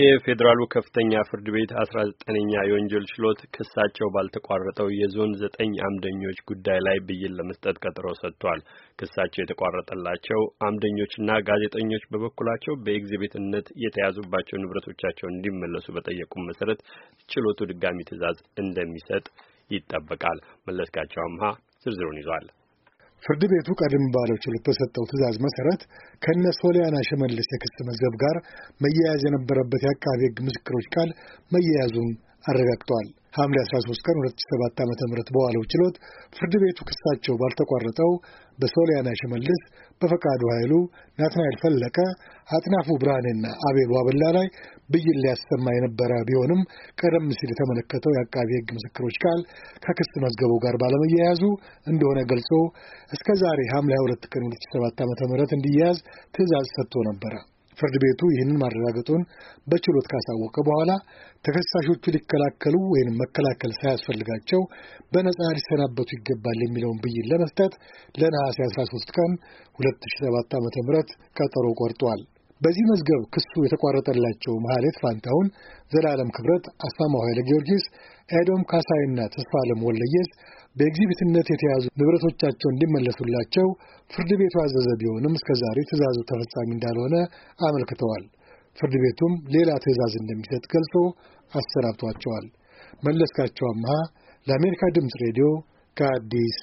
የፌዴራሉ ከፍተኛ ፍርድ ቤት 19ኛ የወንጀል ችሎት ክሳቸው ባልተቋረጠው የዞን ዘጠኝ አምደኞች ጉዳይ ላይ ብይን ለመስጠት ቀጠሮ ሰጥቷል። ክሳቸው የተቋረጠላቸው አምደኞችና ጋዜጠኞች በበኩላቸው በኤግዚቢትነት የተያዙባቸው ንብረቶቻቸውን እንዲመለሱ በጠየቁ መሰረት ችሎቱ ድጋሚ ትዕዛዝ እንደሚሰጥ ይጠበቃል። መለስካቸው አምሃ ዝርዝሩን ይዟል። ፍርድ ቤቱ ቀደም ባለው ችሎት በሰጠው ትዕዛዝ መሰረት ከነ ሶሊያና ሽመልስ የክስ መዝገብ ጋር መያያዝ የነበረበት የአቃቤ ሕግ ምስክሮች ቃል መያያዙን አረጋግጠዋል። ሐምሌ 13 ቀን 2007 ዓ ም በዋለው ችሎት ፍርድ ቤቱ ክሳቸው ባልተቋረጠው በሶሊያና ሽመልስ፣ በፈቃዱ ኃይሉ፣ ናትናኤል ፈለቀ፣ አጥናፉ ብርሃኔና አቤል ዋበላ ላይ ብይን ሊያሰማ የነበረ ቢሆንም ቀደም ሲል የተመለከተው የአቃቢ ሕግ ምስክሮች ቃል ከክስ መዝገቡ ጋር ባለመያያዙ እንደሆነ ገልጾ እስከ ዛሬ ሐምሌ 2 ቀን 2007 ዓ ም እንዲያያዝ ትእዛዝ ሰጥቶ ነበረ። ፍርድ ቤቱ ይህንን ማረጋገጡን በችሎት ካሳወቀ በኋላ ተከሳሾቹ ሊከላከሉ ወይም መከላከል ሳያስፈልጋቸው በነፃ ሊሰናበቱ ይገባል የሚለውን ብይን ለመስጠት ለነሐሴ 13 ቀን 2007 ዓ.ም ቀጠሮ ቆርጧል። በዚህ መዝገብ ክሱ የተቋረጠላቸው መሐሌት ፋንታሁን፣ ዘላለም ክብረት፣ አስማማው ኃይለ ጊዮርጊስ፣ ኤዶም ካሳይና ተስፋ አለም ወልደየስ በኤግዚቢትነት የተያዙ ንብረቶቻቸው እንዲመለሱላቸው ፍርድ ቤቱ አዘዘ። ቢሆንም እስከዛሬ ትዕዛዙ ተፈጻሚ እንዳልሆነ አመልክተዋል። ፍርድ ቤቱም ሌላ ትዕዛዝ እንደሚሰጥ ገልጾ አሰናብቷቸዋል። መለስካቸው አምሃ ለአሜሪካ ድምፅ ሬዲዮ ከአዲስ